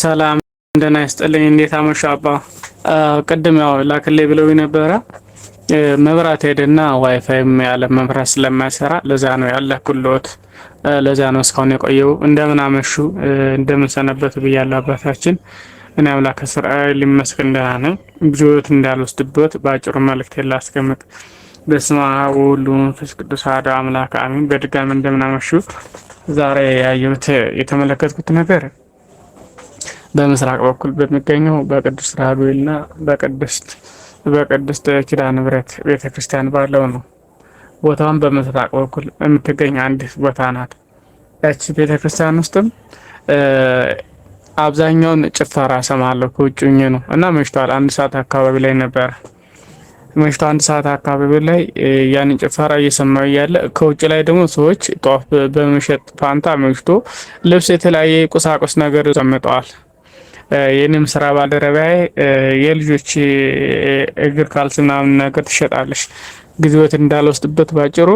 ሰላም እንደና ይስጥልኝ። እንዴት አመሻ አባ። ቅድም ያው ላክሌ ብለው ነበረ መብራት ሄደና ዋይፋይም ያለ መብራት ስለማይሰራ ለዛ ነው ያለ ኩሎት ለዛ ነው እስካሁን የቆየው። እንደምን አመሹ እንደምን ሰነበቱ ብያለሁ አባታችን። እኔ አምላክ እስራኤል ይመስገን ደህና ነኝ። ብዙዎት እንዳልወስድበት በአጭሩ መልእክት ላስቀምጥ። በስመ አብ ወወልድ ወመንፈስ ቅዱስ አሐዱ አምላክ አሜን። በድጋሚ እንደምን አመሹ። ዛሬ ያየሁት የተመለከትኩት ነገር በምስራቅ በኩል በሚገኘው በቅዱስ ራጉኤል እና በቅድስት በቅድስት ኪዳነ ምሕረት ቤተ ክርስቲያን ባለው ነው። ቦታውን በምስራቅ በኩል የምትገኝ አንዲት ቦታ ናት። ያቺ ቤተ ክርስቲያን ውስጥም አብዛኛውን ጭፈራ ሰማለሁ ከውጭ ሆኜ ነው እና መሽቷል። አንድ ሰዓት አካባቢ ላይ ነበረ መሽቶ አንድ ሰዓት አካባቢ ላይ ያንን ጭፈራ እየሰማው እያለ ከውጭ ላይ ደግሞ ሰዎች ጧፍ በመሸጥ ፋንታ መሽቶ ልብስ፣ የተለያየ ቁሳቁስ ነገር ተቀምጠዋል። የኔም ስራ ባልደረባዬ የልጆች እግር ካልስ ምናምን ነገር ትሸጣለች። ጊዜዎት እንዳልወስድበት ባጭሩ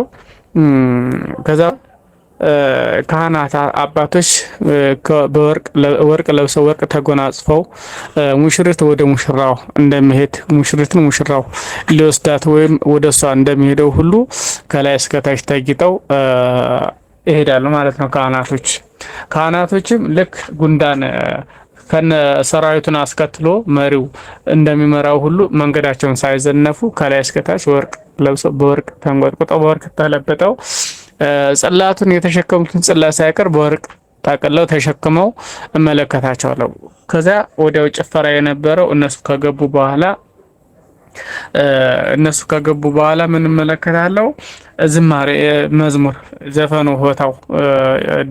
ከዛ ካህናት አባቶች ወርቅ ለብሰው ወርቅ ተጎናጽፈው ሙሽሪት ወደ ሙሽራው እንደሚሄድ ሙሽሪትን ሙሽራው ሊወስዳት ወይም ወደ እሷ እንደሚሄደው ሁሉ ከላይ እስከታች ተጊጠው ይሄዳሉ ማለት ነው። ካህናቶች ካህናቶችም ልክ ጉንዳን ከነ ሰራዊቱን አስከትሎ መሪው እንደሚመራው ሁሉ መንገዳቸውን ሳይዘነፉ ከላይ እስከታች ወርቅ ለብሰው በወርቅ ተንቆጥቁጠው በወርቅ ተለብጠው ጽላቱን የተሸከሙትን ጽላት ሳይቀር በወርቅ ታቅለው ተሸክመው እመለከታቸዋለሁ። ከዚያ ወዲያው ጭፈራ የነበረው እነሱ ከገቡ በኋላ እነሱ ከገቡ በኋላ ምን እመለከታለሁ? ዝማሬ መዝሙር ዘፈኑ ሆታው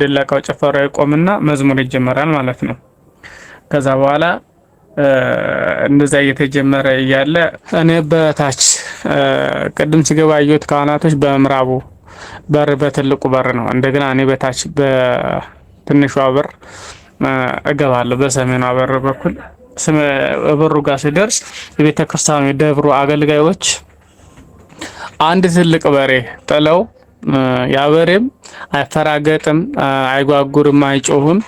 ድለቃው ጭፈራው ይቆምና መዝሙር ይጀመራል ማለት ነው። ከዛ በኋላ እንደዛ እየተጀመረ እያለ እኔ በታች ቅድም ስገባ ያየሁት ካህናቶች በምዕራቡ በር በትልቁ በር ነው። እንደገና እኔ በታች በትንሿ በር እገባለሁ። በሰሜኗ በር በኩል በሩ ጋር ሲደርስ የቤተክርስቲያኑ የደብሩ አገልጋዮች አንድ ትልቅ በሬ ጥለው ያበሬም አይፈራገጥም፣ አይጓጉርም፣ አይጮህም።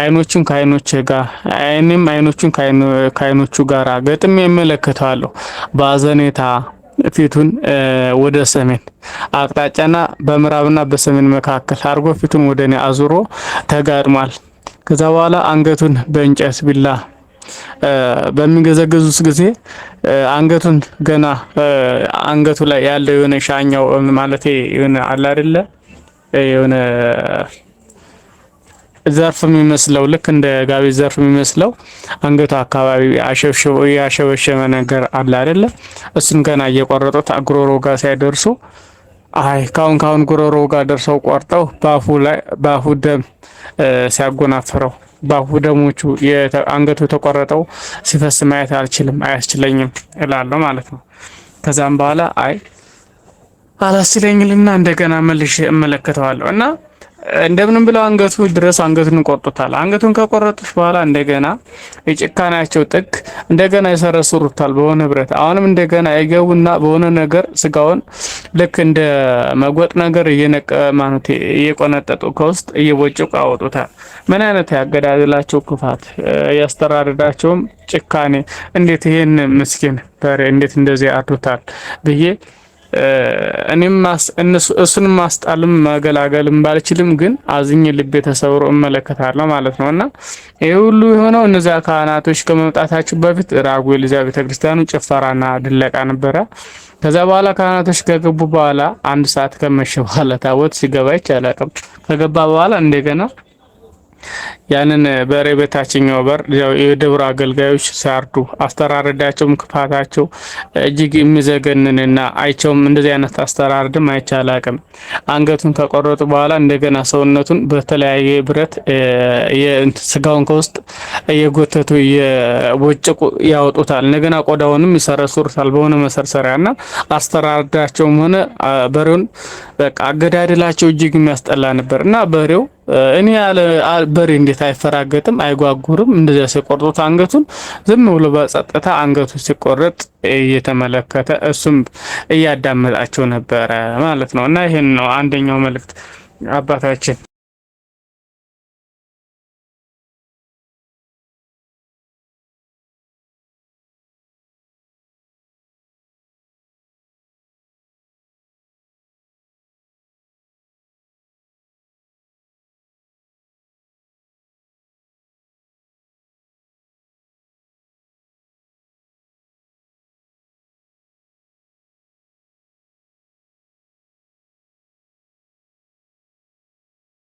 አይኖቹን ከአይኖች ጋር አይኔም አይኖቹን ከአይኖቹ ጋር ገጥሜ እመለከተዋለሁ በአዘኔታ ፊቱን ወደ ሰሜን አቅጣጫና በምዕራብና በሰሜን መካከል አድርጎ ፊቱን ወደ እኔ አዙሮ ተጋድሟል። ከዛ በኋላ አንገቱን በእንጨት ቢላ በሚገዘገዙት ጊዜ አንገቱን ገና አንገቱ ላይ ያለው የሆነ ሻኛው ማለት የሆነ አለ አይደለ የሆነ ዘርፍ የሚመስለው ልክ እንደ ጋቢ ዘርፍ የሚመስለው አንገቱ አካባቢ አሸብሸው ያሸበሸበ ነገር አለ አይደለ እሱን ገና እየቆረጡት አግሮሮ ጋር ሳይደርሱ አይ ካሁን ካሁን ጉሮሮ ጋር ደርሰው ቆርጠው ባፉ ላይ ባፉ ደም ሲያጎናፍረው ባፉ ደሞቹ አንገቱ የተቆረጠው ሲፈስ ማየት አልችልም አያስችለኝም እላለሁ ማለት ነው። ከዛም በኋላ አይ አላስችለኝልና እንደገና መልሼ እመለከተዋለሁ እና እንደምንም ብለው አንገቱ ድረስ አንገቱን ቆርጡታል። አንገቱን ከቆረጡት በኋላ እንደገና የጭካኔያቸው ጥግ እንደገና የሰረስሩታል በሆነ ብረት። አሁንም እንደገና የገቡና በሆነ ነገር ስጋውን ልክ እንደ መጎጥ ነገር እየነቀ እየነቀማኑት እየቆነጠጡ ከውስጥ እየቦጭቁ አወጡታል። ምን አይነት ያገዳደላቸው ክፋት፣ ያስተራረዳቸውም ጭካኔ! እንዴት ይሄን ምስኪን በሬ እንዴት እንደዚህ አርዱታል ብዬ እኔም እሱን ማስጣልም መገላገልም ባልችልም ግን አዝኝ ልቤ ተሰብሮ እመለከታለሁ ማለት ነው እና ይህ ሁሉ የሆነው እነዚያ ካህናቶች ከመምጣታቸው በፊት ራጉኤል እዚያ ቤተክርስቲያኑ ጭፈራና ድለቃ ነበረ። ከዛ በኋላ ካህናቶች ከገቡ በኋላ አንድ ሰዓት ከመሸ በኋላ ታቦት ሲገባ ይቻላል። ከገባ በኋላ እንደገና ያንን በሬ በታችኛው በር የደብር አገልጋዮች ሲያርዱ አስተራረዳቸውም ክፋታቸው እጅግ የሚዘገንንና አይቸውም እንደዚህ አይነት አስተራረድም አይቻላቅም። አንገቱን ከቆረጡ በኋላ እንደገና ሰውነቱን በተለያየ ብረት ስጋውን ከውስጥ እየጎተቱ እየቦጭቁ ያወጡታል። እንደገና ቆዳውንም ይሰረሱርታል በሆነ መሰርሰሪያና አስተራረዳቸውም ሆነ በሬውን በቃ አገዳደላቸው እጅግ የሚያስጠላ ነበር እና በሬው እኔ ያለ በሬ እንዴት አይፈራገጥም አይጓጉርም? እንደዚያ ሲቆርጡት አንገቱን ዝም ብሎ በጸጥታ አንገቱ ሲቆረጥ እየተመለከተ እሱም እያዳመጣቸው ነበረ ማለት ነው። እና ይህን ነው አንደኛው መልእክት አባታችን